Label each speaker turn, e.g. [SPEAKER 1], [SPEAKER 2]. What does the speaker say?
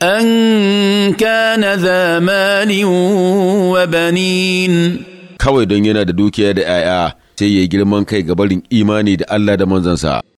[SPEAKER 1] an kana zamani malin wa banin kawai don yana da dukiya da ‘ya'ya sai ya girman kai ga barin imani da Allah da
[SPEAKER 2] manzansa.